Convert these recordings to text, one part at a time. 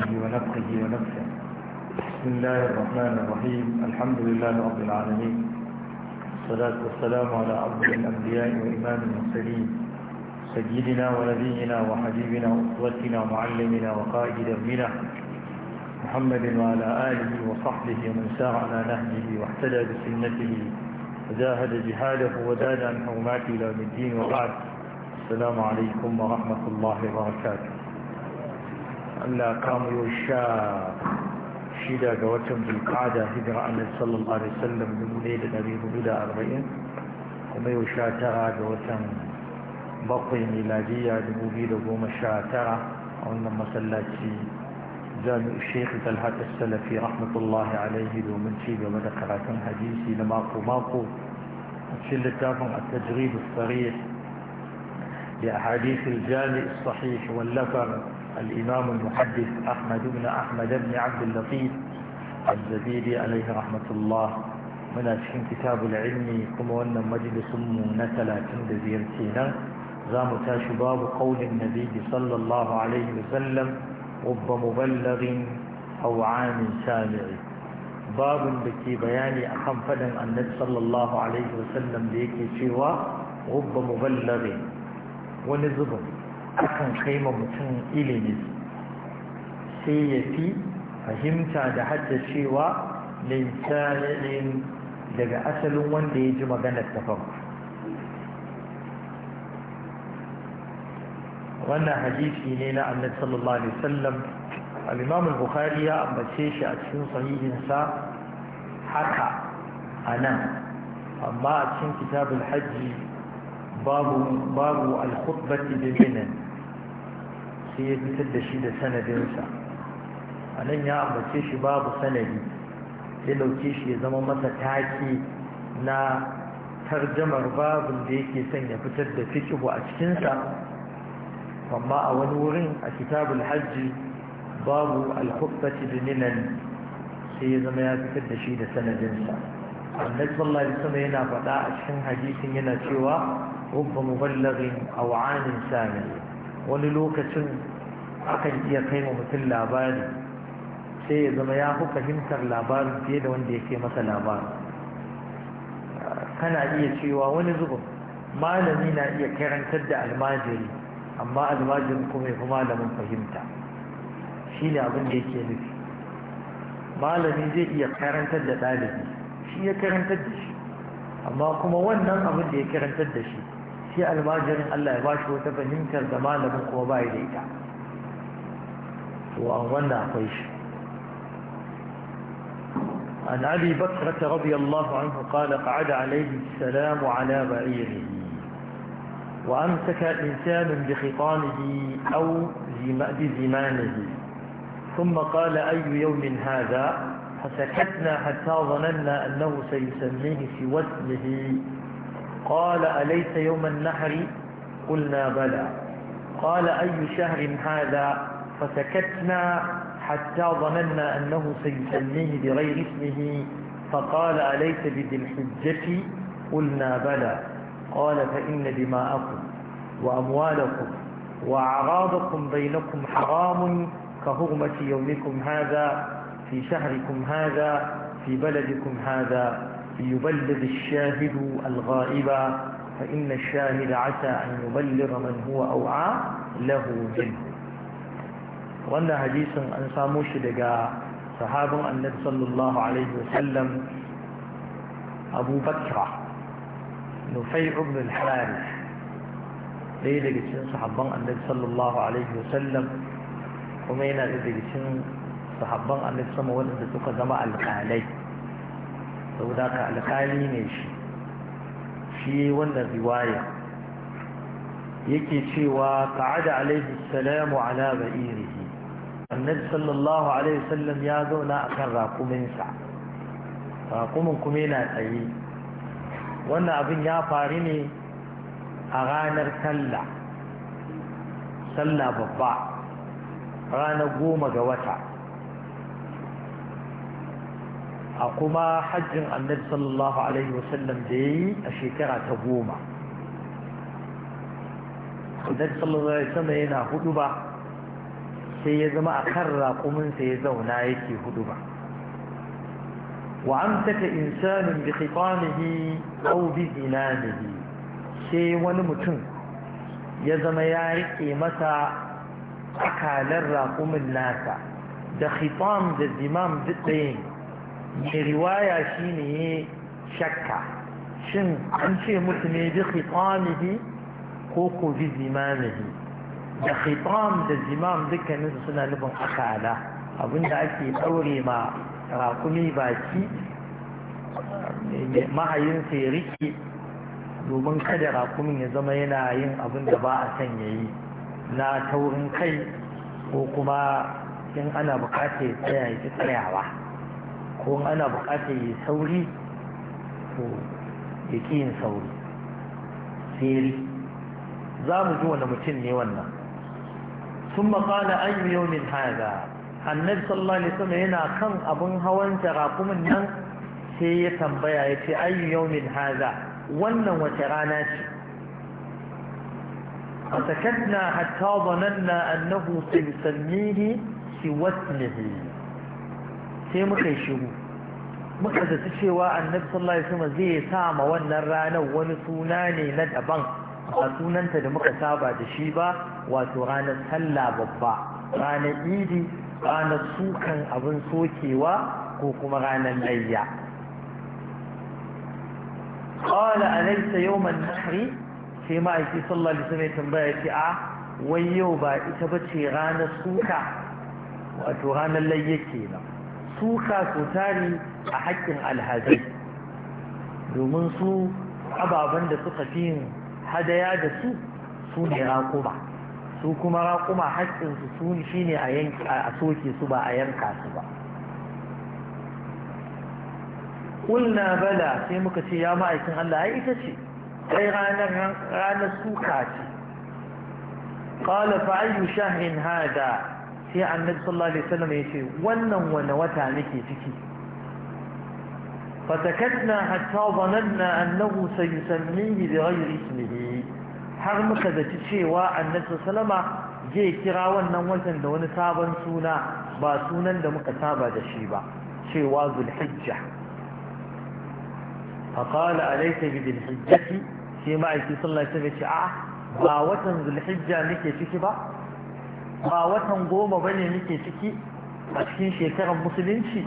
ونفقه ونفسه بسم الله الرحمن الرحيم الحمد لله رب العالمين والصلاة والسلام على عبد الأنبياء وإمام المرسلين سيدنا ونبينا وحبيبنا وأسوتنا ومعلمنا وقائد بنا محمد وعلى آله وصحبه ومن سار على نهجه واحتلى بسنته وجاهد جهاده وزاد عن حرماته إلى الدين وبعد السلام عليكم ورحمة الله وبركاته أن كانوا يوشا شيدا قوتهم في القعدة هجر أن صلى الله عليه وسلم من مليد النبي مبدا أربعين وما يوشا ترى قوتهم بطي ميلادية لمبيد وما شاء ترى وإنما صلى زان الشيخ فلحة السلفي رحمة الله عليه ذو منشيب ومدخرات حديثي لماقو ماقو أتشل التافن التجريب الصريح لأحاديث الجامع الصحيح واللفر الإمام المحدث أحمد بن أحمد بن عبد اللطيف الزبيدي عليه رحمة الله من أشحن كتاب العلم كما وأن مجلس منتلا تند زيرتينا زام تاشباب قول النبي صلى الله عليه وسلم رب مبلغ أو عام سامع باب بكي بياني أخم فدن النبي صلى الله عليه وسلم ليكي شوى رب مبلغ ونزبه akan kai ma mutum ilimi sai ya fi fahimta da haddacewa linsanin daga asalin wanda ya ji maganar ta wannan hadisi ne na annabi sallallahu alaihi wasallam al al-bukhari ya ambace shi a cikin sahihinsa haka nan amma a cikin kitabul hajji babu babu al-khutbati bi minan sai ya fitar da shi da sanadinsa a nan ya ambace shi babu sanadi ya dauke shi ya zama masa taki na tarjamar babin da yake son ya fitar da fikihu a cikinsa amma a wani wurin a kitabul hajji babu alhubbati da ninan sai ya zama ya fitar da shi da sanadinsa annabi sallallahu alaihi wasallam yana faɗa a cikin hadisin yana cewa rubba muballighin aw anin sami wani lokacin akan iya kai wa mutum labari sai ya zama ya fi fahimtar labarin fiye da wanda ya masa labarin kana iya cewa wani zubin malami na iya karantar da almajiri amma almajirin kuma ya fi malamin fahimta shi ne abin da yake nufi malami zai iya karantar da ɗalibi shi ya karantar da shi amma kuma wannan abin da ya karantar da shi sai almajirin Allah ya bashi wata fahimtar لكم malamin kuma وأغنى قيش عن أبي بكرة رضي الله عنه قال قعد عليه السلام على بعيره وأمسك إنسان بخطانه أو بزمانه ثم قال أي يوم هذا فسكتنا حتى ظننا أنه سيسميه في وزنه قال أليس يوم النحر قلنا بلى قال أي شهر هذا فسكتنا حتى ظننا أنه سيسميه بغير اسمه فقال أليس بذي الحجة قلنا بلى قال فإن دماءكم وأموالكم وأعراضكم بينكم حرام كهرمة يومكم هذا في شهركم هذا في بلدكم هذا ليبلغ الشاهد الغائب فإن الشاهد عسى أن يبلغ من هو أوعى له منه وأن حديث أنسى مشدقا صحابا النبي صلى الله عليه وسلم أبو بكر نفيع بن الحارث ليه لقيتين صحابا النبي صلى الله عليه وسلم ومين لقيتين صحابا النبي صلى الله عليه وسلم ونبي صلى الله عليه وسلم saboda ka alƙali ne shi shi wannan riwaya yake cewa ka'ada alaihi salamu ala ba'irihi annabi sallallahu alaihi wasallam ya zauna akan rakuminsa rakumin kuma yana tsaye wannan abin ya faru ne a ranar sallah sallah babba ranar goma ga wata a kuma hajjin annabi sallallahu da ya yi a shekara ta goma annabi sallallahu yana huɗu ba sai ya zama a kan raƙuminsa ya zauna yake huɗu ba wa an taka insanin da tsibanihi ko bizinanihi sai wani mutum ya zama ya rike masa akalar raƙumin nasa da khitam da zimam duk mai riwaya shi ne shakka shin an ce musu ne bi khitamihi ko ko bi zimamihi da khitam da zimam su suna nufin akala abinda ake ɗaure ma rakumi baki mahayinsa ya rike domin kada rakumin ya zama yana yin abin da ba a son ya na taurin kai ko kuma in ana bukatar ya tsaya ya tsayawa ko ana buƙatar yi sauri to ya yin sauri Sai za mu ji wani mutum ne wannan sun makana an yi yau haga annabi sallallahu alaihi wasallam yana kan abun hawan jarakumin nan sai ya tambaya ya ce ayyu haza wannan wace rana ce fatakatna hatta dhananna annahu sayusammihi siwatnihi sai muka yi shiru muka zata cewa annabi sallallahu alaihi wasallam zai sa ma wannan ranar wani suna ne na daban ba sunanta da muka saba da shi ba wato ranar sallah babba ranar idi ranar sukan abin sokewa ko kuma ranar layya قال أليس يوم النحر sai ma'aiki sallallahu alaihi wasallam tambaya ce a ah, wai yau ba ita bace ranar suka wato ranar layya kenan suka su tari a haƙƙin alhazai domin su ababen da suka fi yin hadaya da su su ne raƙuma su kuma raƙuma haƙƙinsu su shi ne a soke su ba a yanka su ba ƙulna bala sai muka ce ya ma'aikin Allah ya ita ce kai ranar suka ce ƙala fa'ayyu hada sai annabi sallallahu alaihi wasallam ya ce wannan wani wata nake ciki fatakatna hatta zananna annahu sayusammihi bi ghairi ismihi har muka da cewa annabi sallama zai kira wannan watan da wani sabon suna ba sunan da muka saba da shi ba cewa zulhijja فقال أليس بذي الحجة في معي صلى الله عليه وسلم ba watan zulhijja nake ciki ba ba watan goma ba ne muke ciki a cikin shekarar musulunci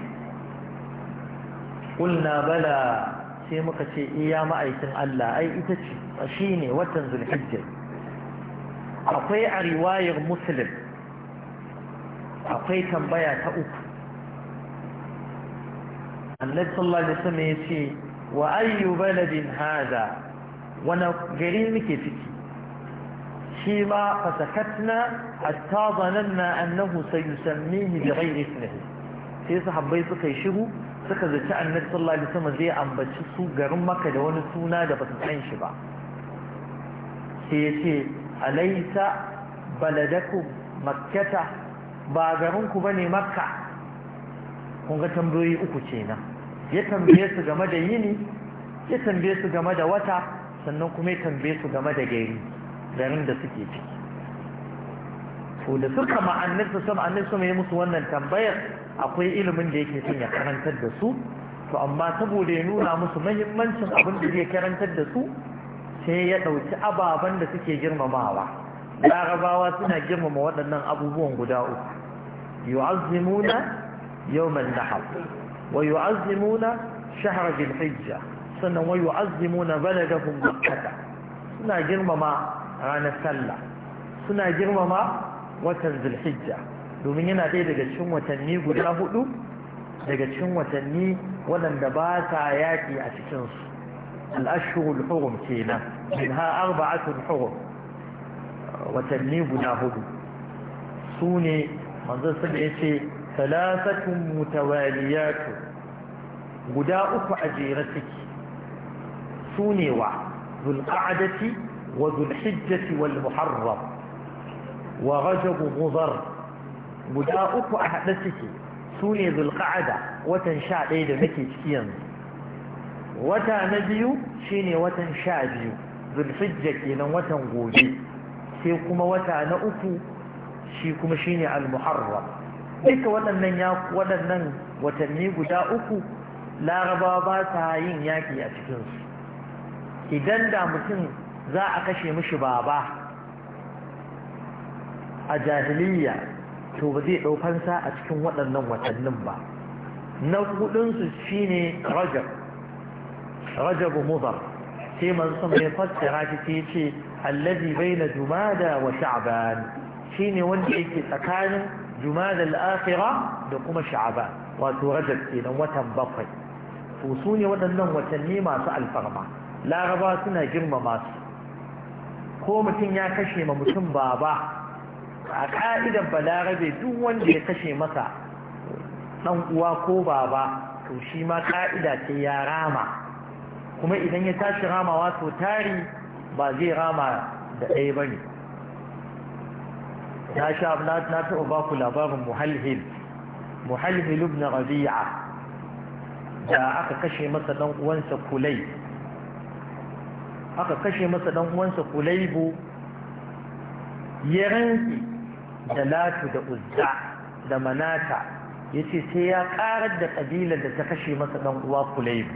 ƙulna bala sai muka ce iya eh, ma'aikin Allah ai ita ce shi ne watan zulhijjar akwai a riwayar musulun akwai tambaya ta uku annabi sallallahu alaihi wasallam ya ce wa ayyu baladin hada wani gari muke ciki شيما فسكتنا حتى ظننا أنه سيسميه بغير اسمه sai sahabbai suka yi shiru suka zaci annabi sallallahu alaihi wasallam zai ambaci su garin maka da wani suna da basu san shi ba sai ya ce alaisa baladakum makkata ba garin ku bane makka kun ga tambayoyi uku kenan ya tambaye su game da yini ya tambaye su game da wata sannan kuma ya tambaye su game da gari garin da suke ciki to da suka ma'annarsa sama annarsa mai musu wannan tambayar akwai ilimin da yake son ya karantar da su to amma saboda ya nuna musu mahimmancin abin da zai karantar da su sai ya ɗauki ababen da suke girmamawa larabawa suna girmama waɗannan abubuwan guda uku yu'azzimuna yawman nahar wa yu'azzimuna shahar bil hijja sannan wa yu'azzimuna baladahum makkah suna girmama ranar sallah suna girmama watan zulhijja domin yana ɗaya daga cikin watanni guda hudu daga cikin watanni waɗanda ba ta yaƙi a cikinsu al'ashirul hurum kenan min ha arba'atul hurum watanni guda hudu su ne manzon sun ya ce talasatun mutawaliyatu guda uku a jere suke su ne wa zulqa'adati وذو الحجة والمحرم ورجب مضر guda uku a haɗe suke Sune ne zulƙa'ada watan sha ɗaya da nake ciki yanzu wata na biyu shine watan sha biyu zulhijja kenan watan gobe sai kuma wata na uku shi kuma shine al duka waɗannan watanni guda uku laraba ba ta yin yaƙi a cikinsu idan da mutum za a kashe mishi baba a jahiliya to ba zai ɗaukansa a cikin waɗannan watannin ba na hudunsu shi ne rajab rajab muzar sai manzo mai fassara shi sai ce allazi baina jumada wa sha'ban shine wanda yake tsakanin jumada al-akhirah da kuma sha'ban wato rajab kenan watan bakwai to su ne waɗannan watanni masu alfarma laraba suna girmama su ko mutum ya kashe ma mutum baba a ka'idar balarabe duk wanda ya kashe masa ɗan uwa ko baba to shi ma ka'ida ce ya rama kuma idan ya tashi ramawa to tari ba zai rama da ɗaya ba ne na sha na taɓa ba ku labarin muhalhil muhalhil ibn rabi'a da aka kashe masa ɗan uwansa kulai aka kashe masa dan uwansa kulaibu ya rantsi da latu da uzza da manata ya ce sai ya karar da ƙabilar da ta kashe masa dan uwa kulaibu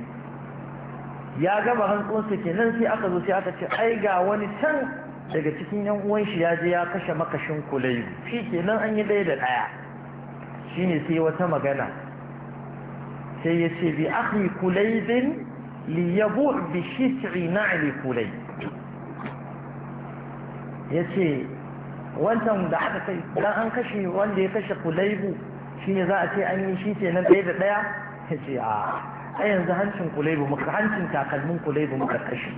ya gama rantsuwansa kenan sai aka zo sai aka ce ai ga wani can daga cikin yan uwan shi ya je ya kashe makashin kulaibu shi kenan an yi ɗaya da ɗaya shine sai wata magana sai ya ce bi akhi kulaibin liyabu bi shit'i na'li kulai yace wannan da aka kai dan an kashe wanda ya kashe kulaibu ne za a ce an yi shi ce nan ɗaya da ɗaya ya ce a a yanzu hancin kulaibu muka hancin takalmin kulaibu muka kashe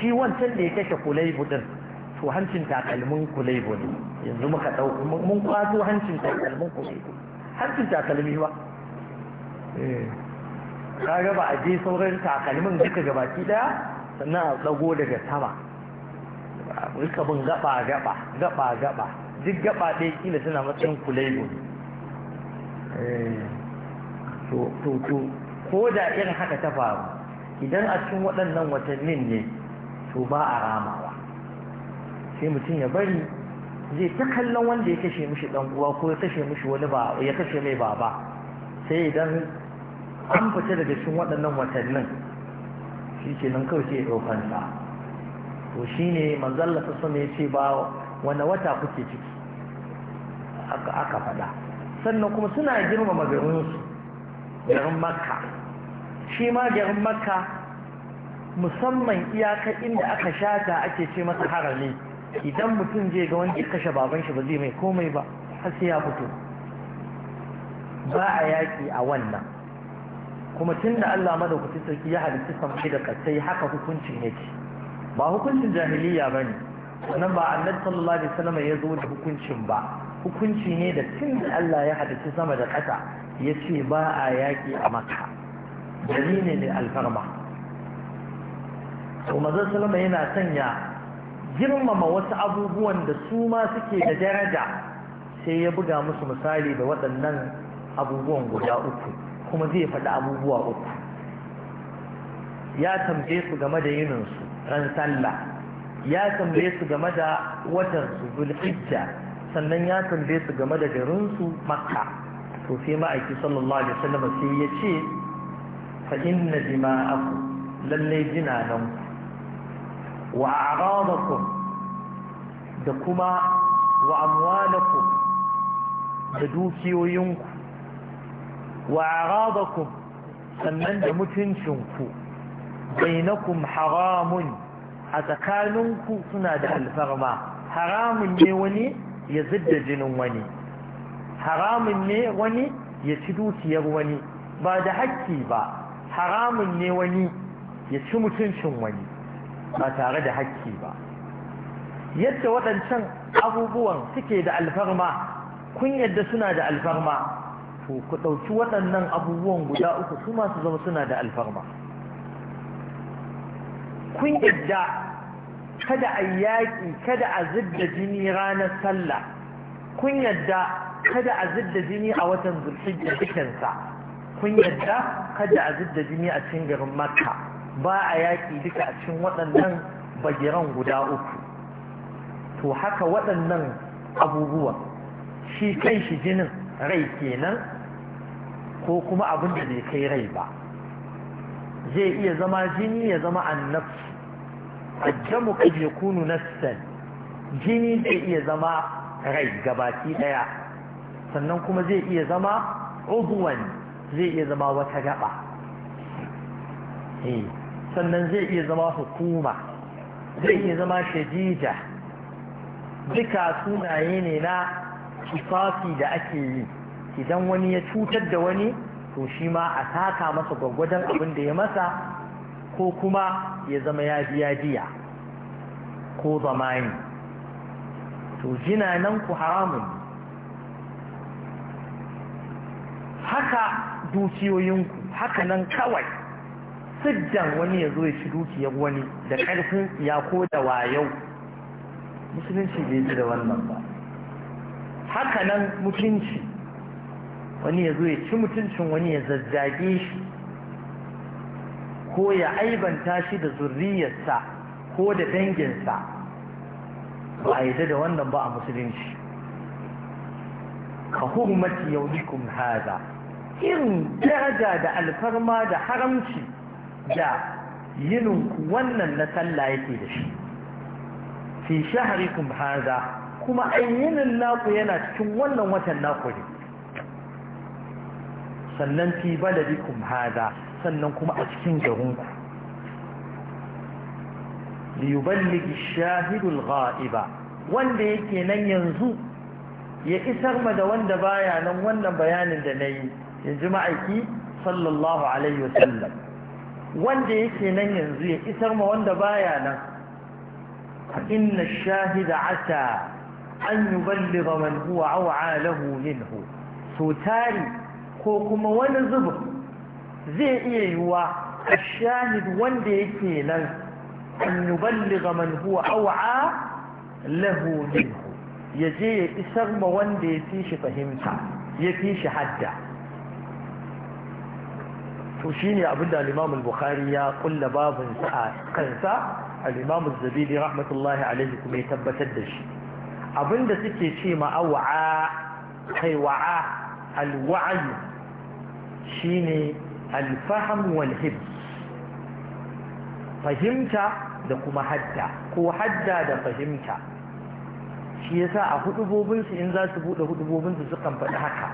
shi wancan da ya kashe kulaibu din to hancin takalmin kulaibu ne yanzu muka ɗauki mun kwato hancin takalmin kulaibu hancin takalmi ba kaga ba a je sauran takalmin duka gabaki daya sannan a tsago daga sama rika bin gaba gaba gaba gaba duk gaba ɗaya kila tana matsayin kulaibu eh, to ko da irin haka ta faru idan a cikin waɗannan watannin ne to ba a ramawa sai mutum ya bari zai ta kallon wanda ya kashe mishi dan ko ya kashe mishi wani ba ya kashe mai baba sai idan an fita daga cikin waɗannan watannin shi ke nan kawai sai ya sa to shi ne manzalla ta sama ya ce ba wani wata kuke ciki aka faɗa sannan kuma suna girmama magarinsu garin makka shi ma garin makka musamman iyaka inda aka shata ake ce masa harami idan mutum je ga wani kashe baban shi ba zai mai komai ba har sai ya fito ba a yaƙi a wannan kuma tun da Allah madaukakin sarki ya halitta samai da kasai haka hukuncin yake ba hukuncin jahiliya ba ne sannan ba annabi sallallahu alaihi wasallam ya zo da hukuncin ba hukunci ne da tun da Allah ya halitta sama da ƙasa ya ce ba a yaƙi a maka dalili ne alfarma to maza yana sanya girmama wasu abubuwan da su ma suke da daraja sai ya buga musu misali da waɗannan abubuwan guda uku kuma zai faɗi abubuwa uku ya tambaye su game da yininsu ran sallah ya tambaye su game da watansu zulhijja sannan ya tambaye su game da garinsu makka to sai ma'aiki sallallahu alaihi wasallam sai ya ce fa inna dima'akum lallai jinanan wa a'radakum da kuma wa amwalakum da dukiyoyinku wa aradakum sannan da mutuncinku bainakum haramun a tsakaninku suna da alfarma haramun ne wani ya zidda jinin wani haramun ne wani ya ci dukiyar wani ba da haƙƙi ba haramun ne wani ya ci mutuncin wani ba tare da haƙƙi ba yadda waɗancan abubuwan suke da alfarma kun yadda suna da alfarma ku ɗauki waɗannan abubuwan guda uku su masu zama suna da alfarma kun yadda kada a yaƙi kada a zidda jini ranar sallah kun yadda kada a zidda jini a watan zulhijjar dukansa kun yadda kada a zidda jini a cikin garin makka ba a yaƙi duka a cikin waɗannan bagiran guda uku to haka waɗannan abubuwa shi kan shi jinin rai kenan ko kuma abin da bai kai rai ba zai iya zama jini ya zama annabci ajamu kad yakunu nafsan jini zai iya zama rai gabaki daya sannan kuma zai iya zama udwan zai iya zama wata gaba eh, sannan zai iya zama hukuma zai iya zama shadija duka sunaye ne na kifafi da ake yi idan wani ya cutar da wani to shi ma a taka masa gwaggwadon abin da ya masa ko kuma ya zama ya biya jiya. ko zamani to jina nan ku haramun haka dukiyoyinku haka nan kawai siddan wani ya zo ya ci dukiyar wani da ƙarfin ya ko da wayau musulunci bai ji da wannan ba haka nan mutunci wani ya zo ya ci mutuncin wani ya zazzage shi ko ya aibanta shi da zurriyarsa ko da danginsa ba a yadda da wannan ba a musulunci ka hurmati yaulikum haza irin daraja da alfarma da haramci da yininku wannan na sallah yake da shi fi shaharikun haza kuma ayyinin naku yana cikin wannan watan naku ne sannan fi baladikum hada sannan kuma a cikin garinku li yuballigi shahidul ghaiba wanda yake nan yanzu ya isar ma da wanda baya nan wannan bayanin da nayi yanzu ma'aiki sallallahu alaihi wasallam wanda yake nan yanzu ya isar ma wanda baya nan inna shahida ata an yuballigha man huwa aw'a lahu minhu so tari ko kuma wani zubu zai iya yiwuwa a shahid wanda yake nan an balli ga manhuwa aw'a lahu minhu ya je ya isar ma wanda ya fi shi fahimta ya fi shi hadda to shine abinda da al bukhari ya kulla babin sa kansa al-Imam az-Zabidi rahmatullahi alaihi kuma ya tabbatar da shi abinda suke ce ma aw'a kai wa'a al shine alfaham wal fahimta da kuma hadda ko hadda da fahimta shi yasa a hudubobinsu in za su bude hudubobinsu kan faɗi haka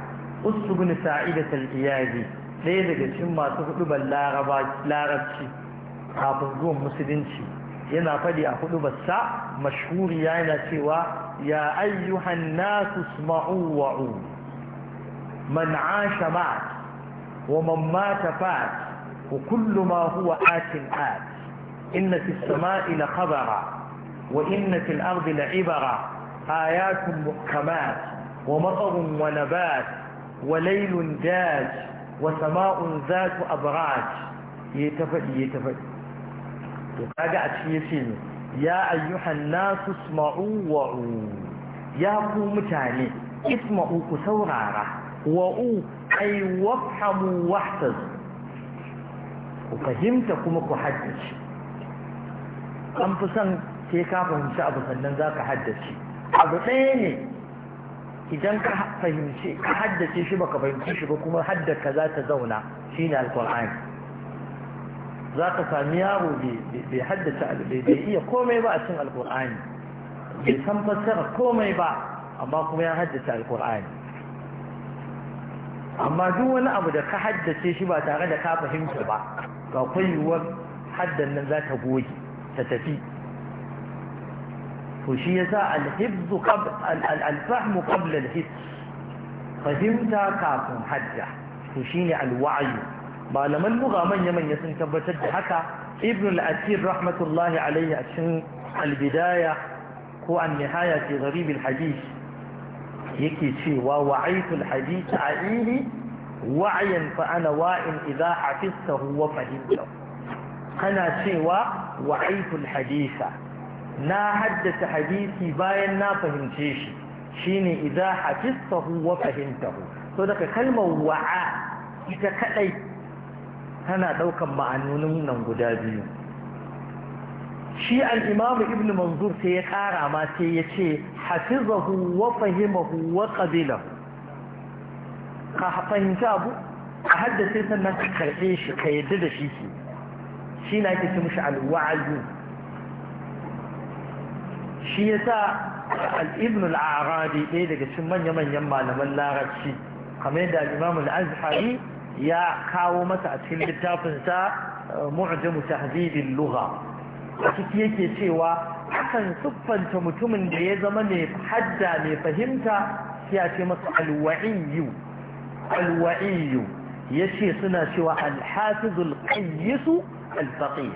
usbun sa'idat sa'ida iyadi ɗaya daga cikin masu hudubar larabci kafin zuwan musulunci yana faɗi a hudubarsa mashhuri yana cewa ya ayyuhan nasu sma'u wa'u man asha ma'a ومن مات فات وكل ما هو آت آت إن في السماء لخبرا وإن في الأرض لعبرا آيات محكمات ومطر ونبات وليل جاج وسماء ذات أبراج يتفئي يتفئي في تشيسين يا أيها الناس اسمعوا وعوا يا قوم تاني اسمعوا كثورا وعوا ai wafhamu wahtaz ku fahimta kuma ku haddace an fi son sai ka fahimci abu sannan za ka haddace abu ɗaya ne idan ka fahimci ka haddace shi baka fahimci shi ba kuma haddaka za ta zauna shine alqur'ani za ka sami yaro bai haddace bai iya komai ba a cin alqur'ani bai san fassara komai ba amma kuma ya haddace alkur'ani amma duk wani abu da ka haddace shi ba tare da ka fahimta ba ga kwaiwuwar haddan nan za ta goge ta tafi to shi yasa alhibzu alfahmu qabla fahimta kafin hadda to shine alwa'yu malaman lugha manya manya sun tabbatar da haka ibn al-athir rahmatullahi alayhi a cikin albidaya ko an-nihaya fi gharib al yake cewa wa'aitul hadith a'ili wa'yan fa ana wa'in idza hafiztahu wa fahimtahu kana cewa wa'aitul haditha na haddace hadisi bayan na fahimce shi shine idza hafiztahu wa fahimtahu so daga kalmar wa'a ita kadai tana daukan ma'anonin nan guda biyu shi al'imamu ibn manzur sai ya ƙara ma sai ya ce hafizahu wa fahimahu wa ƙabila ka fahimci abu a haddace sannan ka karɓe shi ka yadda da shi ke shi na ke cin shi shi ya sa al'ibn al'arabi ɗaya daga cin manya-manyan malaman larabci kamar da al'imamu al'azhari ya kawo masa a cikin littafinsa eh, mu'ajamu tahdidin lugha a ciki yake cewa akan siffanta mutumin da ya zama mai hadda mai fahimta ya ce masa alwa'iyu alwa'iyu ya ce suna cewa alhafizul qayyisu alfaqih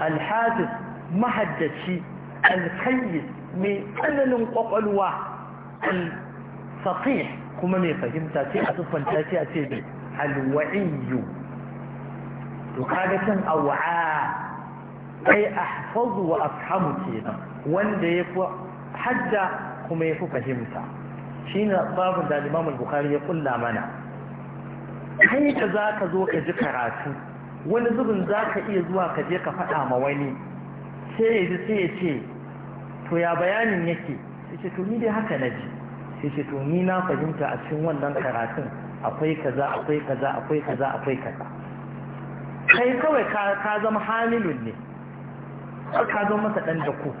alhafiz mahaddaci alkayyis mai tsananin kwakwalwa alfaqih kuma mai fahimta sai a siffanta sai a ce alwa'iyu to kaga can awa'a ai ahfazu wa afhamu kenan wanda ya hadda kuma ya fi fahimta shine babin da Imam bukhari ya kulla mana kai da zaka zo ka ji karatu wani zubin zaka iya zuwa ka je ka faɗa ma wani sai ya ji sai ya ce to ya bayanin yake sai ce to ni dai haka na ji sai to ni na fahimta a cikin wannan karatun akwai kaza akwai kaza akwai kaza akwai kaza kai kawai ka zama hamilun ne har ka zo masa ɗan dako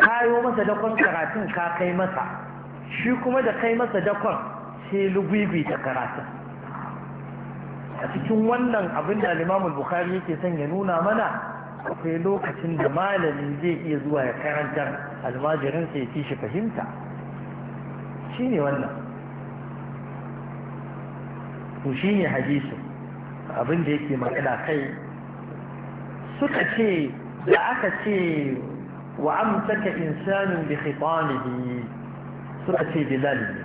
kayo masa dakon karatun ka kai masa shi kuma da kai masa dakon sai lugwibi ta karatu. a cikin wannan abin da limamul bukhari yake son ya nuna mana akwai lokacin da malami zai iya zuwa ya karantar almajirin sai ci shi fahimta shi ne wannan Ku shi ne hadisu abin da yake magana kai suka ce da aka ce wa amsaka insanin bi khitanihi suka ce bilal ne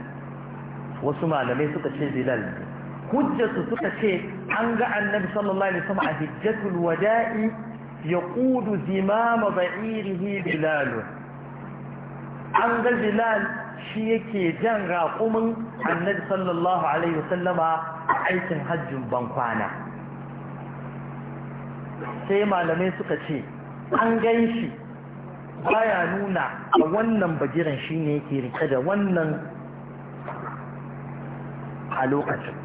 wasu malamai suka ce bilal ne hujjatu suka ce an ga annabi sallallahu alaihi wasallam a hijjatul wada'i yaqudu zimama ba'irihi bilal an ga bilal shi yake jan raƙumin annabi sallallahu alaihi wasallama a aikin hajjin bankwana sai malamai suka ce an gan shi baya nuna a wannan bagiran shi ne yake rike da wannan a lokacin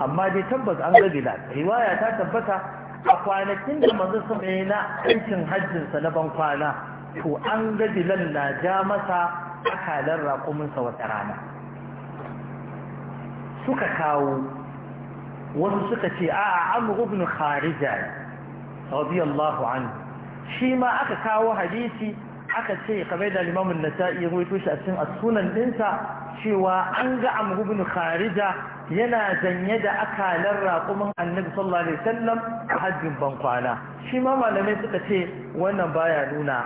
amma dai tabbas an ga bilal riwaya ta tabbata a kwanakin da manzo sama ya na aikin hajjinsa na ban kwana to an ga bilal na ja masa akalar raƙuminsa wata rana suka kawo wasu suka ce a amru ibn kharija radiyallahu anhu shi ma aka kawo hadisi aka ce kamar da limamin nasa'i ya ruwaito shi a cikin asunan ɗinsa cewa an ga amru bin kharija yana zanye da akalar raƙumin annabi sallallahu alaihi wasallam a hajjin bankwana shi ma malamai suka ce wannan baya nuna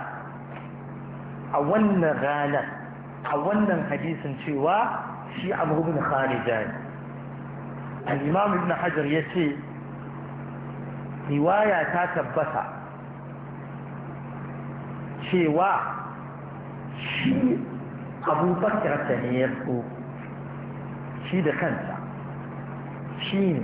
a wannan ranar a wannan hadisin cewa shi amru bin kharija ne al-imam ibn hajar ce riwaya ta tabbata cewa shi abubakar ta ne ya so shi da kansa shi ne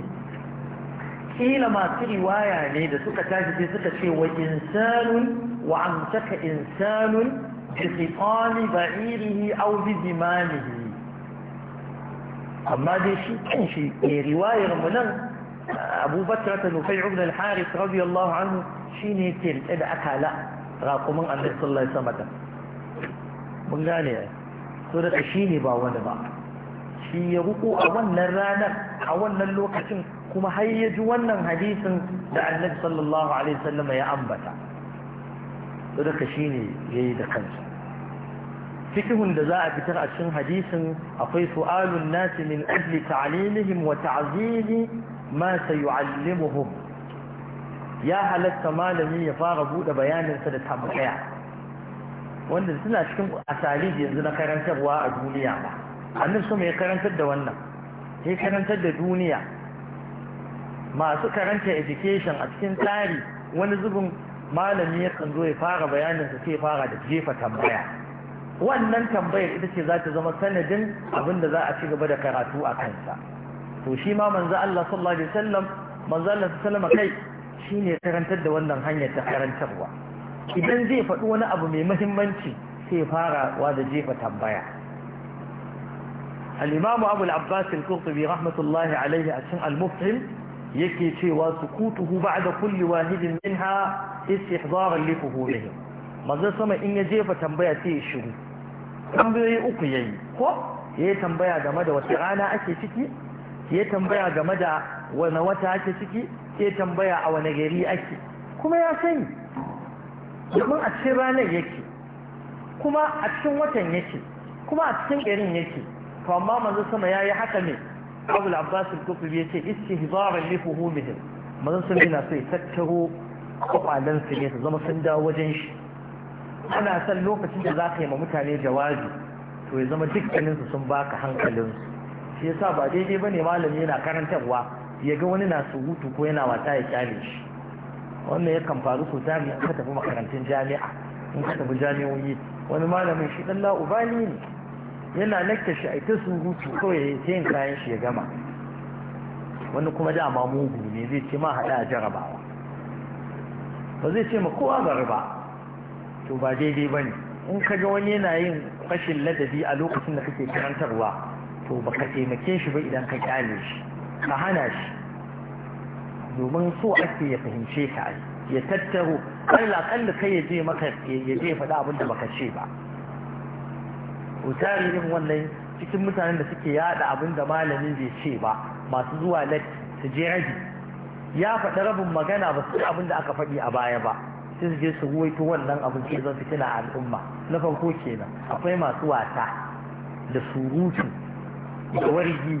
kila masu riwaya ne da suka tashi sai suka ce wa insanun wa amsaka insanun bi khitani ba'irihi aw bi zimanihi amma dai shi kan shi riwayar mu nan abubakar ta nufai ibn al-harith radiyallahu anhu shine ke da aka akala raƙumin annabi sallallahu alaihi wasallam mun gane so daga shi ne ba wani ba shi ya ruku a wannan ranar a wannan lokacin kuma har ya ji wannan hadisin da annabi sallallahu alaihi wasallam ya ambata so daga shi ne ya yi da kansa fikihun da za a fitar a cikin hadisin akwai su'alun nasi min ajli ta'limihim wa ta'zimi ma sayu'allimuhum ya halatta malami ya fara buɗe bayaninsa da tambaya wanda suna cikin asali yanzu na karantarwa a duniya ba annin su mai karantar da wannan sai karantar da duniya masu karanta education a cikin tsari wani zubin malami ya kan zo ya fara bayaninsa sai fara da jefa tambaya wannan tambayar ita ce za ta zama sanadin abin da za a ci gaba da karatu a kansa to shi ma manzo Allah sallallahu alaihi wasallam manzo Allah sallallahu alaihi wasallam kai shi ne karantar da wannan hanyar ta karantarwa idan zai faɗi wani abu mai mahimmanci sai farawa da jefa tambaya al-imamu abu al al-qurtubi rahmatullahi alaihi a cikin al-mufhim yake cewa sukutuhu ba'da kulli wahidin minha istihdaran li fuhulihim manzo sama in ya jefa tambaya sai ya shiru tambayoyi uku yayi ko yayi tambaya game da wata rana ake ciki ya tambaya game da wani wata ake ciki ke tambaya a wani gari ake kuma ya sani domin a cikin ranar yake kuma a cikin watan yake kuma a cikin garin yake to amma manzo sama yayi haka ne Abu Abbas al-Kufi yace istihzaran li fuhumihim manzo sama yana sai tattaro kwakwalen su ne su zama sun dawo wajen shi ana san lokacin da za ka yi ma mutane jawabi to ya zama dukkanin su sun baka hankalinsu. shi yasa ba daidai bane malami yana karantarwa ya ga wani na surutu ko yana wata ya kyale shi wannan ya kan faru sosai in ka tafi makarantun jami'a in ka tafi jami'oyi wani malamin shi dan la'ubali ne yana lakta shi a ta surutu kawai ta yin kayan shi ya gama wani kuma dama mugu ne zai ce ma haɗa a jarabawa ba zai ce ma kowa bari ba to ba daidai ba ne in ka ga wani yana yin rashin ladabi a lokacin da kake karantarwa to baka taimake shi ba idan ka kyale shi ka hana shi domin so ake ya fahimce ka ya tattaro kalla kalla kai ya je maka ya je faɗa abin da baka ce ba utari irin wannan cikin mutanen da suke yada abin da malamin bai ce ba masu zuwa lati su je rabi ya faɗi rabin magana ba su abin da aka faɗi a baya ba sai su je su ruwaito wannan abin ke zan fitina a al'umma na farko kenan akwai masu wasa da surutu da wargi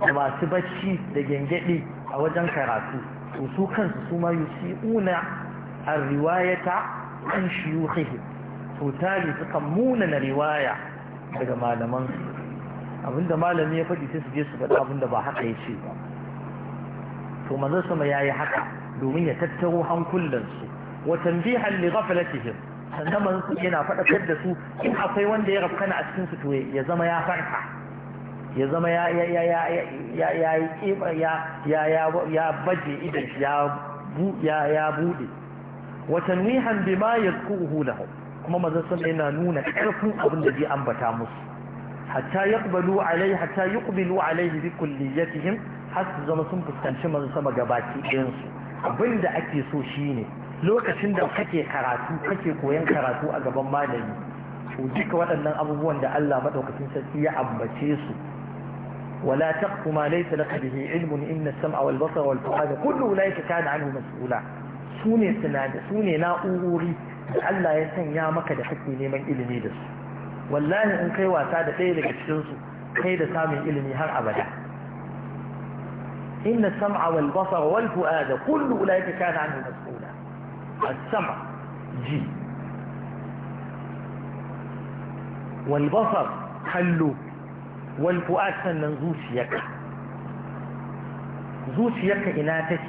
da masu bacci da gyangyaɗi a wajen karatu to su kansu su ma una a riwayata an shuyukhihim to tali sukan muna na riwaya daga malaman abinda malami ya faɗi sai su je su faɗi abinda ba haka ya ce ba to manzon sama yayi haka domin ya tattaro hankulansu wa tanbihan li ghaflatihim sannan manzon yana faɗakar da su in akwai wanda ya rafkana a cikin su to ya zama ya farka ya zama ya ya ya ya ya bude ya ya ya baje ya ya ya kuma mazan sallallahu yana nuna karfin abin da zai ambata musu hatta yaqbalu alai hatta yuqbilu alaihi bi kulliyatihim har su zama sun fuskanci manzon sama gabaki ɗayan abin da ake so shine lokacin da kake karatu kake koyan karatu a gaban malami to duka waɗannan abubuwan da Allah maɗaukacin sarki ya ambace su ولا تقف ما ليس لك به علم إن السمع والبصر والفؤاد كل أولئك كان عنه مسؤولا سوني سناد سوني نa'urori da Allah ya sanya maka da hakki neman ilimi da su wallahi in kai wasa da ɗaya da cikin su kai da samun ilimi har abada inna sam'a wal basar wal fu'ada kullu ji walbafar basar wal fu'ad sannan zuciyarka zuciyarka ina take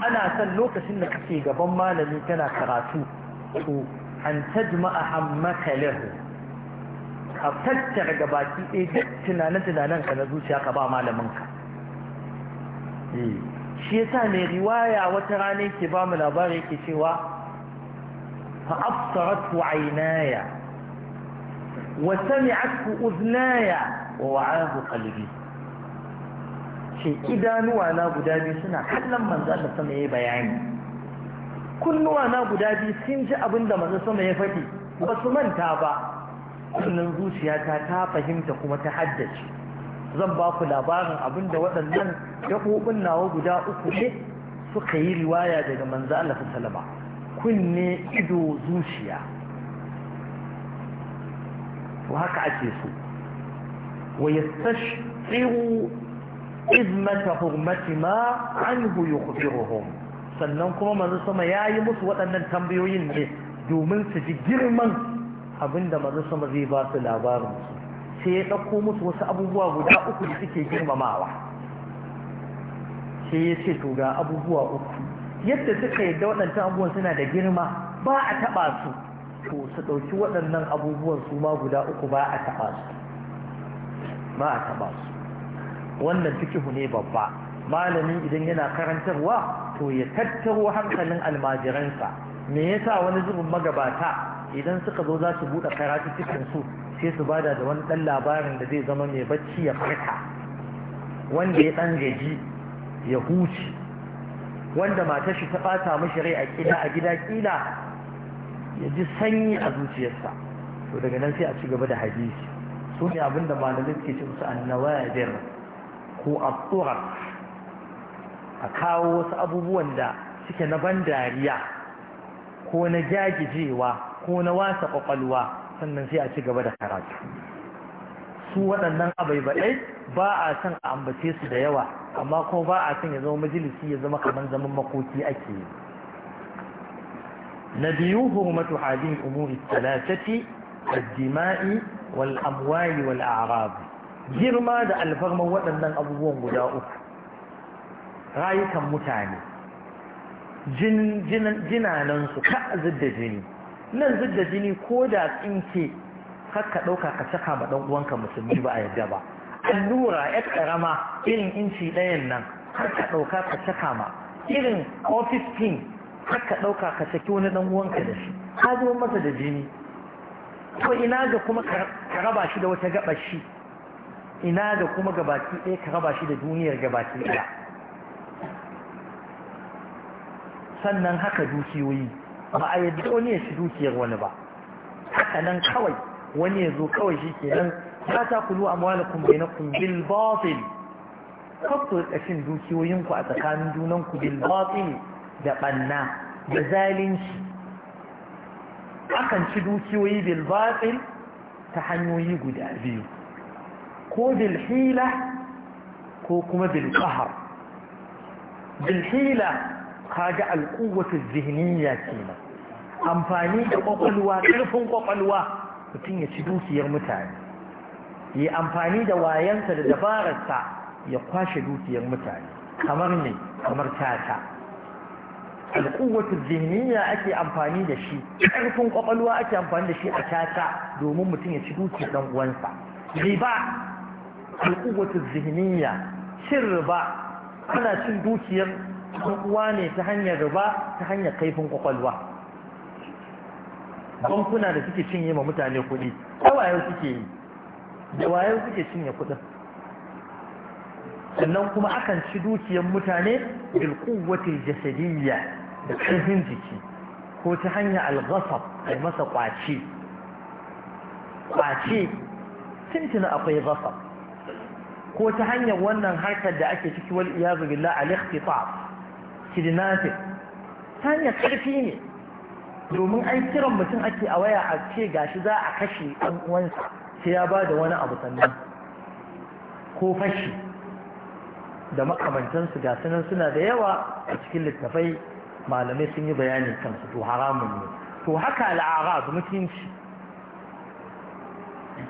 ana san lokacin da kake gaban malami kana karatu to an tajma'a hammaka lahu ka tattara ga baki ɗaya duk tunanen-tunanen ka na zuciya ka ba malaminka eh, shi yasa mai riwaya wata rana yake ba mu labari yake cewa fa absarat aynaya وسمعته أذناي ووعاه قلبي ce idanuwa na guda biyu suna kallon manzo Allah sama bayani kunnuwa na guda biyu sun ji abin da manzo sama ya faɗi ba su manta ba Kunnan zuciyata ta fahimta kuma ta haddace zan ba ku labarin abin da waɗannan yakobin nawa guda uku ne suka yi riwaya daga manzo Allah sallama kunne ido zuciya to haka ake so wa yastashqiru izmata hurmati ma anhu yukhbiruhum sannan kuma manzo sama yayi musu waɗannan tambayoyin ne domin su ji girman abinda manzo sama zai ba su labarin sai ya ɗauko musu wasu abubuwa guda uku da suke girmamawa sai ya ce to ga abubuwa uku yadda suka yadda waɗancan abubuwan suna da girma ba a taɓa su to su ɗauki waɗannan abubuwan su ma guda uku ba a taɓa su ba a taɓa su wannan fikihu ne babba malamin idan yana karantarwa to ya tattaro hankalin almajiransa me yasa wani zubin magabata idan suka zo za su buɗe karatu cikin su sai su bada da wani ɗan labarin da zai zama mai bacci ya farka wanda ya ɗan gaji ya huce wanda matar shi ta ɓata mashi rai a gida a gida kila ya ji sanyi a zuciyarsa to daga nan sai a ci gaba da hadisi su ne abinda malamai suke ce musu annawadir ko abdura a kawo wasu abubuwan da suke na ban dariya ko na jagijewa ko na wasa kwakwalwa sannan sai a ci gaba da karatu su waɗannan abaibaɗai ba a san a ambace su da yawa amma kuma ba a san ya zama majalisi ya zama kamar zaman makoki ake yi نبي هرمة هذه الأمور الثلاثة الدماء والأموال والأعراض جرما دا الفرما وأنن أبوهم قداؤك رأيك متعني جن جن جنا ننسو كأزد جني نزد جني كودا إنك kakka ɗauka ka saka ma ɗan uwanka musulmi ba a yadda ba allura ya Ka ɗauka ka saki wani ɗan uwanka da shi ka zo masa da jini to ina ga kuma ka raba shi da wata gabar shi ina ga kuma gabaki ɗaya ka raba shi da duniyar gabaki ɗaya sannan haka dukiyoyi ba a yadda wani ya ci dukiyar wani ba haka nan kawai wani ya zo kawai shi ke nan ya ta kulu a mawalakun bai na kumbil batil kakku da ƙashin dukiyoyinku a tsakanin junanku bil batil da ɓanna da zalunci akan ci dukiyoyi bilbaɗin ta hanyoyi guda biyu ko bilhila ko kuma bil bilhila kaga alƙuwatu zihniya kenan amfani da ƙwaƙwalwa, ƙarfin ƙwaƙwalwa, mutum ya ci dukiyar mutane yi amfani da wayansa da dabararsa ya kwashe dukiyar mutane kamar ne kamar tata alƙuwatu zihniya ake amfani da shi ƙarfin ƙwaƙwalwa ake amfani da shi a caca domin mutum ya ci dukiyar ɗan uwansa riba alƙuwatu zihniya cin riba ana cin dukiyar ɗan uwa ne ta hanyar riba ta hanyar kaifin ƙwaƙwalwa bankuna da suke cinye ma mutane kuɗi ta suke yi da wayo suke cinye kuɗin sannan kuma akan ci dukiyar mutane bil jasadiyya da ƙarfin jiki ko ta hanyar algasar a masa ƙwace ƙwace tuntuna akwai gasar ko ta hanyar wannan harkar da ake ciki wal iyazu billah al-ikhtifaf kidnapping ta hanyar ƙarfi ne domin ai kiran mutum ake a waya a ce gashi za a kashe ɗan uwansa sai ya ba da wani abu sannan ko fashi da makamantansu ga sunan suna da yawa a cikin littafai malamai sun yi bayanin kansu to haramun ne to haka al'arab mutunci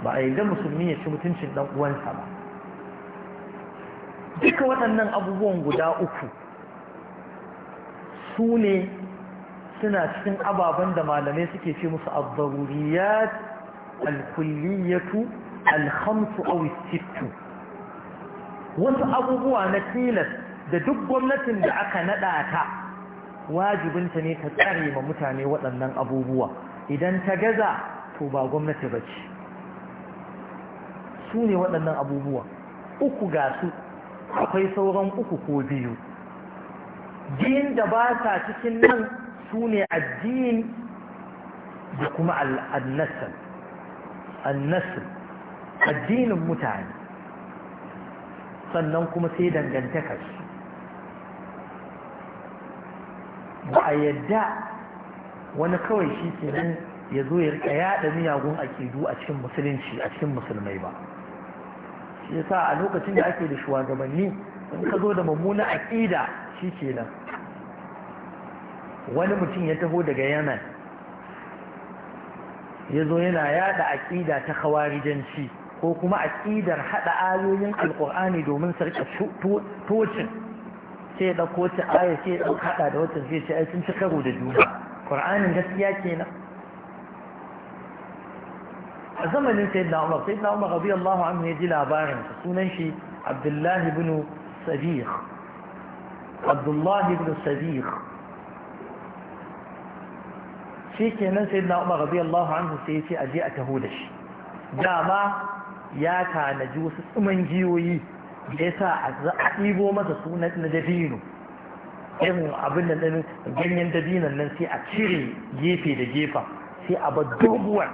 ba a yi yarda musulmi ya ci mutuncin dan uwansa ba duka waɗannan abubuwan guda uku su ne suna cikin ababen da malamai suke ce musu al-daruriyat alhamsu kulliyatu wasu abubuwa na tilas da duk gwamnatin da aka naɗa ta wajibinta ne ta tsare ma mutane waɗannan abubuwa idan ta gaza to ba gwamnati ba ce su ne waɗannan abubuwa uku ga su akwai sauran uku ko biyu Din da ba sa cikin nan su ne addini da kuma al'annasar annasar addinin mutane sannan kuma sai dangantakar. su ba a yadda wani kawai shi kenan ya zo ya yada yaɗa miyagun akidu a cikin musulunci a cikin musulmai ba shi yasa a lokacin da ake da shugabanni in ka zo da mummunan aƙida shi kenan wani mutum ya taho daga yaman ya zo yana yaɗa aƙida ta kawarijanci ko kuma aƙidar haɗa ayoyin alkur'ani domin sarƙa tocin sai da ko ta aya sai da haɗa da wata sai ce ai sun ci karo da juna qur'anin gaskiya ke kenan a zamanin sayyidina Umar sayyidina Umar radiyallahu anhu ya ji labarin sunan shi Abdullahi ibn Sabiq Abdullahi ibn Sabiq shi kenan sayyidina Umar radiyallahu anhu sai ya ce aje a taho da shi dama ya tanaji wasu tsuman giyoyi da ya sa a ɗibo masa sunan na dabino irin abin da ɗin ganyen dabinon nan sai a cire gefe da gefen sai a ba doguwar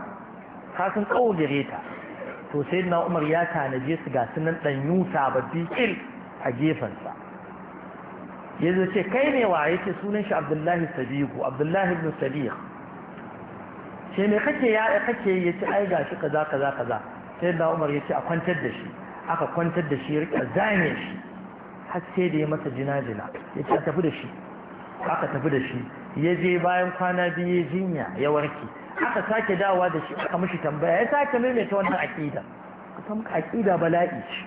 kasan tsawo gare ta to sai na umar ya tanaje su ga sunan ɗan yuta ba il a gefensa ya zace ce kai ne wa yake sunan shi abdullahi sadiku abdullahi ibn sadiq Sai me kake ya kake ya ce ai gashi kaza kaza kaza sai na umar ya ce a kwantar da shi aka kwantar da shi rika zane shi har sai da ya masa jina-jina ya ce a tafi da shi aka tafi da shi ya je bayan kwana biyu ya jinya ya warke aka sake dawa da shi aka mushi tambaya ya sake maimaita wannan aƙida kusan aƙida bala'i ce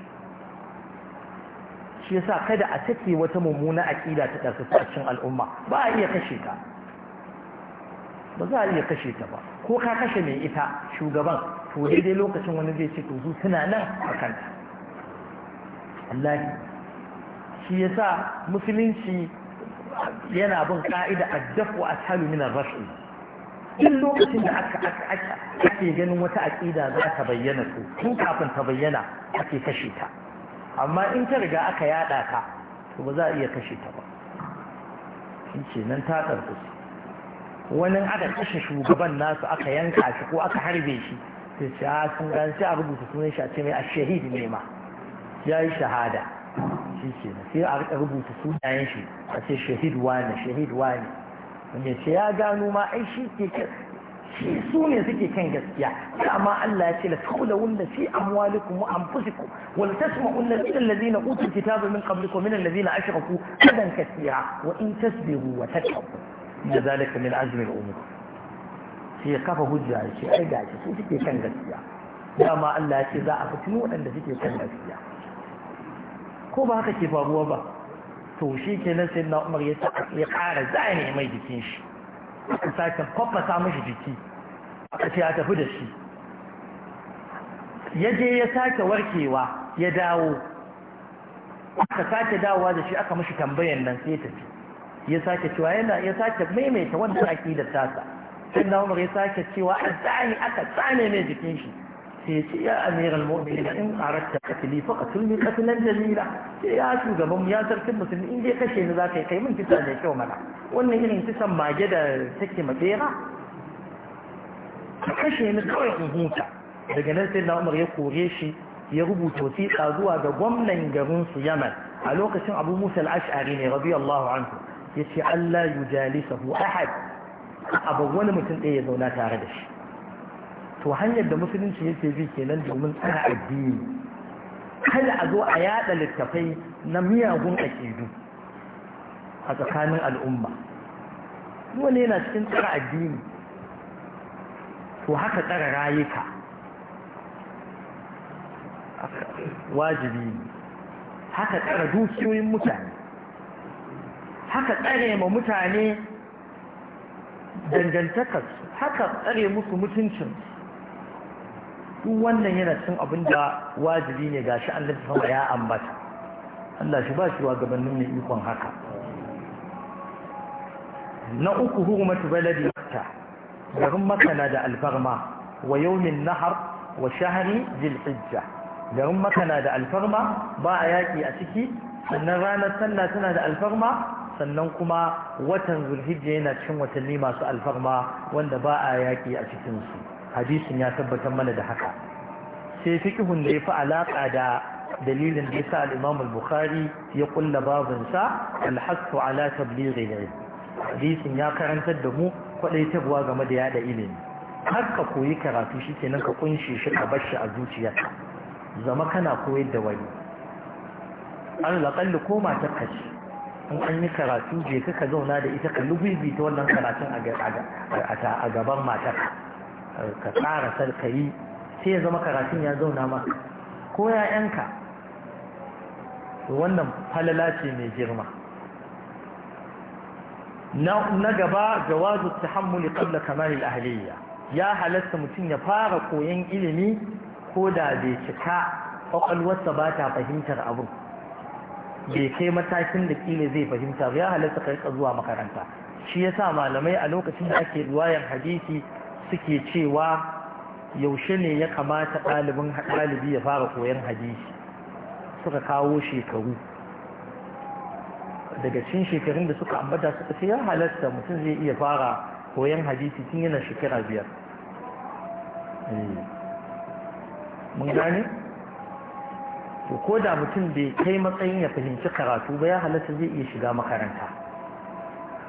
shi yasa kada a take wata mummuna aƙida ta ɗarfafa a cikin al'umma ba a iya kashe ta ba za a iya kashe ta ba ko ka kashe mai ita shugaban to daidai lokacin wani zai ce to suna nan a kanta wallahi shi ya sa musulunci yana bin ka'ida addafu a min ar rashin in lokacin da aka ake ganin wata aƙida za ta bayyana su tun kafin ta bayyana ake kashe ta amma in ta riga aka yada ta to ba za a iya kashe ta ba shi ce nan ta karfi wani aka kashe shugaban nasu aka yanka shi ko aka harbe shi sai ce a ah, sun gan sai a rubuta sunan shi a ce mai ashahidi ne ma ya yi shahada shi ke sai a rubuta sunayen shi a ce shahid wani shahid wani wanda ce ya gano ma ai shi ke shi su ne suke kan gaskiya amma Allah ya ce la tawla wanda fi amwalikum wa anfusikum wa la tasma'unna ila alladhina utul kitaba min qablikum min alladhina ashraku adan kathira wa in tasbiru wa tattaqu da zalika min azmi al-umur sai kafa hujja shi ai gashi su suke kan gaskiya dama Allah ya ce za a fitinu waɗanda suke kan gaskiya ko ba haka ke faruwa ba to shi ke nan sai na umar ya za zane mai jikin shi aka sake kwakwasa mashi jiki aka ce a tafi da shi ya je ya sake warkewa ya dawo aka sake dawowa da shi aka mashi tambayan nan sai tafi ya sake cewa yana ya sake maimaita wanda ake da tasa sai na umar ya sake cewa a zane aka tsane mai jikin shi سيتي يا أمير المؤمنين إن أردت قتلي فقتلني قتلا جميلا يا شو قبم يا ترك المسلمين إن دي قشين ذاك يقيم انتسى ليك ومنع وإن إن انتسى ما جدا تكي مديرة قشين قوي قهوتا دقنا سيدنا عمر يقول shi ya rubuta wasiƙa zuwa ga gwamnan garin su Yaman a lokacin Abu Musa al-Ash'ari ne radiyallahu anhu yace Allah yujalisahu ahad abu wani mutum ɗaya ya zauna tare da shi to hanyar da musulunci yake bi kenan domin tsara addini kada a zo a yada littafai na miyagun aƙidu a tsakanin al'umma wani yana cikin tsara addini to haka tsara rayuka wajibi ne haka tsara dukiyoyin mutane haka tsare ma mutane dangantakarsu haka tsare musu mutuncinsu duk wannan yana cin abin da wajibi ne shi Allah ta ya ambata Allah shi ba shi wa gabanin mai ikon haka na uku hurmatu baladi makka garin makka na da alfarma wa yawmin nahar wa shahri zil hijja garin makka na da alfarma ba a yaki a ciki sannan ranar sallah tana da alfarma sannan kuma watan zulhijja yana cin watanni masu alfarma wanda ba a yaki a cikinsu hadisin ya tabbatar mana da haka sai fiƙihun da ya fi alaƙa da dalilin da yasa sa imam al-Bukhari ya kulla babinsa alhassu ala hadisin ya karantar da mu tabuwa game da yada ilimi har ka koyi karatu shi shikenan ka kunshe shi ka bar shi a zuciyar zama kana koyar da wani laƙalli ko matar ka in an yi karatu je ka zauna da ita ka lubibi ta wannan karatun a gaban matar ka tsara sarkari sai ya zama karatun ya zauna ma ko ya'yanka wannan falala ce mai girma na gaba jawazu tahammuli qabla kamalil ahliyya ya halatta mutum ya fara koyon ilimi ko da bai cika kwakwalwarsa ba ta fahimtar abu bai kai matakin da kila zai fahimta ba ya halatta ka zuwa makaranta shi yasa malamai a lokacin da ake ruwayan hadisi suke cewa yaushe ne ya kamata ɗalibin ɗalibi ya fara koyon hadisi suka kawo shekaru daga cikin shekarun da suka ambata suka ce ya halatta mutum zai iya fara koyon hadisi tun yana shekara biyar eh. mun gane to ko da mutum bai kai matsayin ya fahimci karatu ba ya halatta zai iya shiga makaranta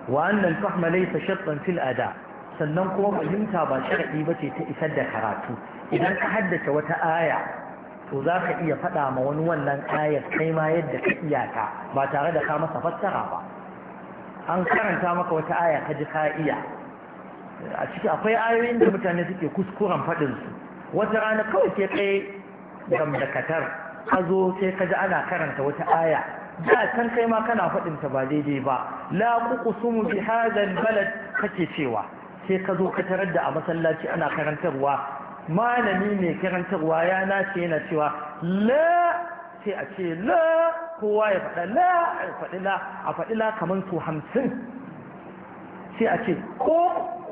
wa'annan fahma laysa shartan fil ada' sannan kuma fahimta ba sharaɗi ba ce ta isar da karatu idan ka haddace wata aya to za ka iya faɗa ma wani wannan ayar kai ma yadda ka iyaka ba tare da ka masa fassara ba an karanta maka wata aya ka ji ka iya a ciki akwai ayoyin da mutane suke kuskuren faɗinsu wata rana kawai sai kai katar ka zo sai ka ji ana karanta wata aya da can kai ma kana faɗinta ba daidai ba la kuqsumu bi hadha balad kake cewa sai ka zo ka tarar da a masallaci ana karantarwa malami ne karantarwa ya nace yana cewa la sai a ce la kowa ya faɗa la a faɗi la a faɗi la kamar su hamsin sai a ce ok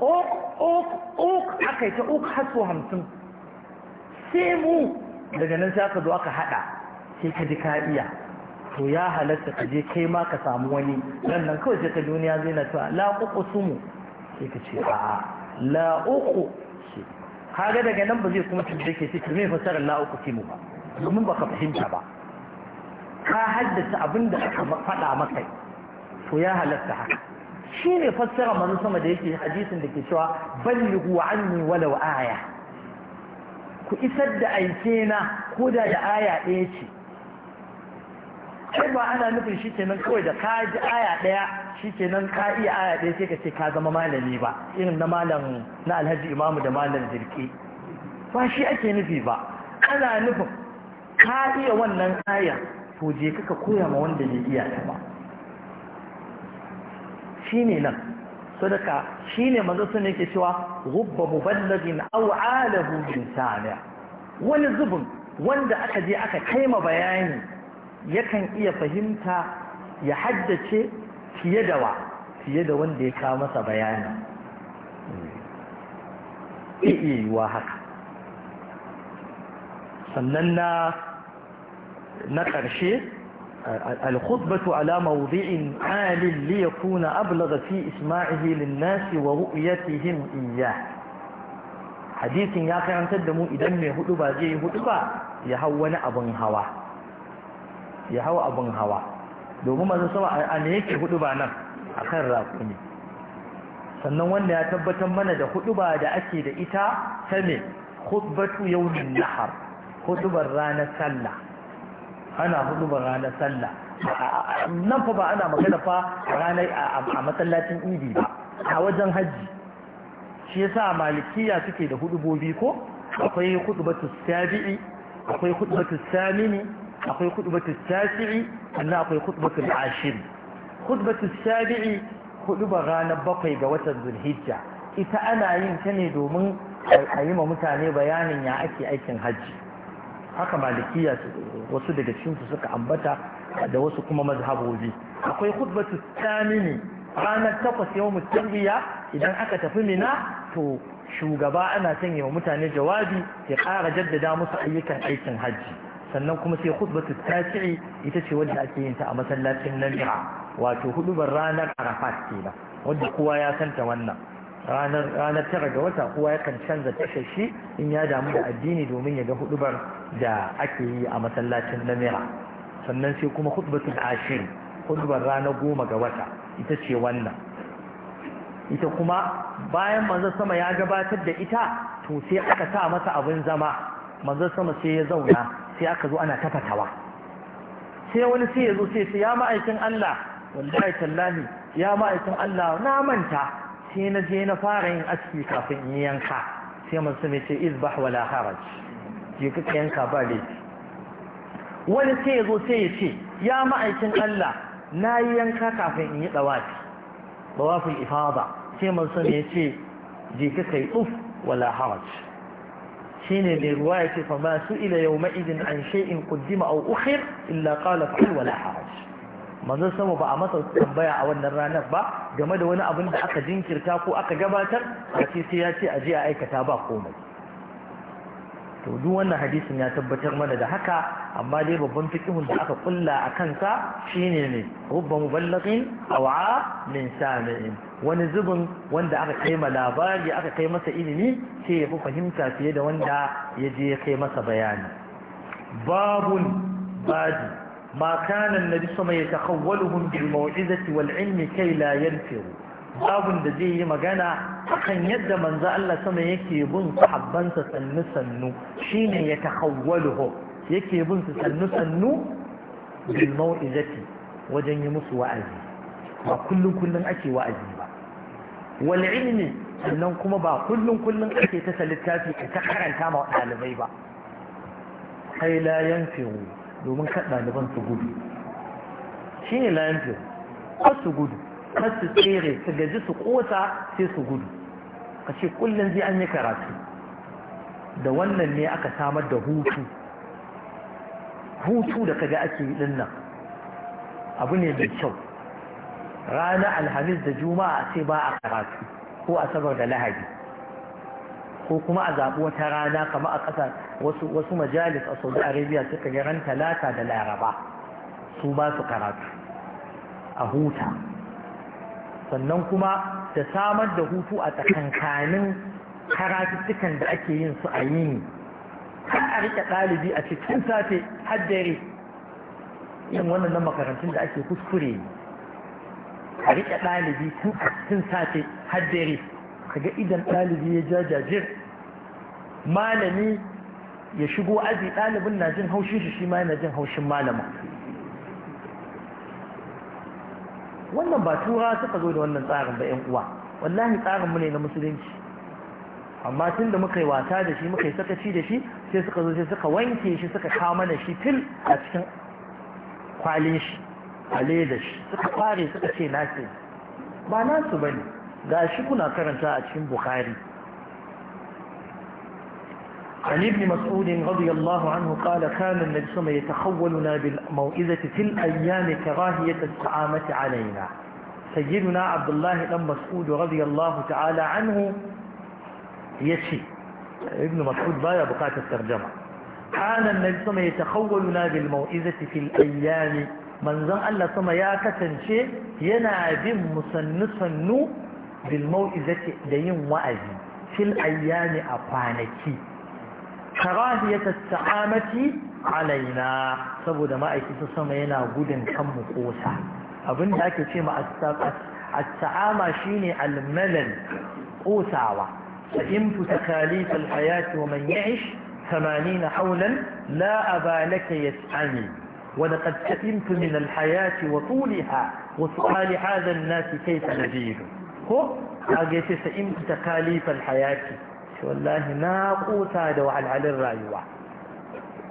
ok ok ok aka yi ta ok har su hamsin sai mu daga nan sai aka zo aka haɗa sai ka ji ka iya to ya halatta ka je kai ma ka samu wani nan nan kawai sai ka duniya zai na cewa la su mu. sai ka ce a la'uku ce kaga daga nan ba zai kuma tambaye ke ce me fasarar la la'uku ce mu ba domin baka fahimta ba ka haddasa abin da aka faɗa maka to ya halatta haka shi ne fassara manu sama da yake hadisin da ke cewa ballighu anni walau aya ku isar da aike na ko da da aya ɗaya ce sai ba ana nufin shi kenan kawai da ka ji aya ɗaya shi kenan ka iya aya ɗaya sai ka ce ka zama malami ba irin na malam na alhaji imamu da malam jirki ba shi ake nufi ba ana nufin ka iya wannan aya to je kaka koya ma wanda bai iya ta ba shi ne nan sadaka shi ne manzo sun yake cewa rubba muballagin aw alahu insana wani zubin wanda aka je aka kai ma bayani yakan iya fahimta ya haddace fiye da wa fiye da wanda ya kawo masa bayani iya yiwuwa haka sannan na na ƙarshe alkhutbatu ala mawdi'in alil li yakuna ablagha fi isma'ihi lin-nasi wa ru'yatihim iyyah hadithin ya kai an da mu idan mai hudu ba zai hudu ba ya hau wani abin hawa ya hawa abin hawa domin masu sama a ne yake hudu ba nan a kan raƙumi sannan wanda ya tabbatar mana da hudu ba da ake da ita ta ne yaunin hudubar ranar sallah ana hudubar ranar sallah nan fa ba ana magana fa ranar a masallacin idi ba a wajen hajji shi yasa malikiya suke da hudubobi ko akwai hudubatu sabi'i akwai hudubatu samini akwai khutbatu tasi'i sannan akwai khutbatu ashir khutbatu sabi'i khutba ranar bakwai ga watan zulhijja ita ana yin ta ne domin a yi ma mutane bayanin ya ake aikin hajji haka malikiya wasu daga cikinsu suka ambata da wasu kuma mazhabobi akwai khutbatu tamini ranar takwas yau mutambiya idan aka tafi mina to shugaba ana sanya wa mutane jawabi ya kara jaddada musu ayyukan aikin hajji sannan kuma sai khutbatu tasi'i ita ce wanda ake yin ta a masallacin Namira wato hudubar ranar Arafat kenan wanda kowa ya santa wannan ranar ranar tara ga wata kowa yakan canza tashashi in ya damu da addini domin ya ga hudubar da ake yi a masallacin Namira sannan sai kuma khutbatu ashir hudubar ranar goma ga wata ita ce wannan ita kuma bayan manzon sama ya gabatar da ita to sai aka sa masa abin zama manzo sama sai ya zauna sai aka zo ana tafatawa sai wani sai ya zo sai sai ya ma'aikin Allah wallahi tallahi ya ma'aikin Allah na manta sai na je na fara yin aski kafin in yanka sai manzo sai ce izbah wala haraj ki ka yanka ba laifi wani sai ya zo sai ya ce ya ma'aikin Allah na yi yanka kafin in yi dawati dawafin ifada sai manzo ya ce je ka kai uf wala haraj shine mai ruwa ya ce fama su ila yau ma'izin an shay'in kuddima au ukhir illa qala fa'al wala haraj manzon sama ba a masa tambaya a wannan ranar ba game da wani abin da aka jinkirta ko aka gabatar a sai ya ce a je a aikata ba komai to duk wannan hadisin ya tabbatar mana da haka amma dai babban fiqhun da aka kulla a kansa shine ne rubba muballighin aw'a min sami'in wani zubin wanda aka kai ma labari aka kai masa ilimi sai ya fi fahimta fiye da wanda ya je ya kai masa bayani babun baji ma kana annabi sama yatakawwaluhum bil maw'izati wal ilmi kai la yanfiru babun da zai yi magana kan yadda manzo Allah sama yake bin sahabbansa sannu sannu shine ya tahawwaluhu yake bin su sannu sannu bil mau'izati wajen yi musu wa'azi ba kullun kullun ake wa'azi ba wal ilmi sannan kuma ba kullun kullun ake ta littafi ta karanta ma dalibai ba kai la yanfiru domin kan daliban su gudu shine la yanfiru su gudu kar su tsere su gaji su kosa sai su gudu ka ce kullum zai an yi karatu da wannan ne aka samar da hutu hutu da kaga ake yi din nan abu ne mai kyau ranar alhamis da juma'a sai ba a karatu ko asabar da lahadi ko kuma a zaɓi wata rana kama a ƙasa wasu majalis a saudi arabia suka yi ran talata da laraba su ba su karatu a huta sannan kuma da samar da hutu a tsakankanin karatuttukan da ake yin su a yini har a rike ɗalibi a cikin safe haddare, yin wannan makarantun da ake kuskure a rike ɗalibi tun a cikin safe haddare, kaga idan ɗalibi ya jajajir malami ya shigo aji ɗalibin na jin haushin shi shi ma yana jin haushin malama wannan ba tura suka zo da wannan tsarin ba yan uwa wallahi tsarin mu ne na musulunci amma tun da muka yi wata da shi muka yi sakaci da shi sai suka zo sai suka wanke shi suka kawo mana shi fil a cikin kwalin shi a leda shi suka kware suka ce nasi ba nasu ne. ga shi kuna karanta a cikin bukari عن ابن مسعود رضي الله عنه قال كان النبي صلى الله عليه وسلم يتخولنا بالموئزة في الأيام كراهية الطعامة علينا سيدنا عبد الله بن مسعود رضي الله تعالى عنه يشي ابن مسعود بايا بقاة الترجمة كان النبي صلى الله عليه وسلم يتخولنا بالموئزة في الأيام من ظن الله صلى يا كتنشي ينادم مسنسن بالموئزة دين وأزي في الأيام أقوانكي كراهية السعامة علينا سبود ما أيكي تسمينا قدن كم قوسة أبن ذاك يتم السعامة شيني الملل قوسة فإن تكاليف الحياة ومن يعش ثمانين حولا لا أبا لك يسعني ولقد سئمت من الحياة وطولها وسؤال هذا الناس كيف نجيب هو أجيس سئمت تكاليف الحياة wallahi na kusa da wahalhalin rayuwa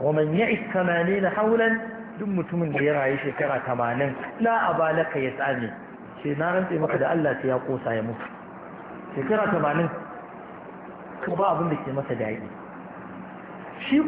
wa na ya'ish 80 haulan duk mutumin da ya rayu shekara 80 la ya tsani sai na rantse maka da Allah sai ya kusa ya mutu shekara 80 ko ba abin da ke masa daɗi shi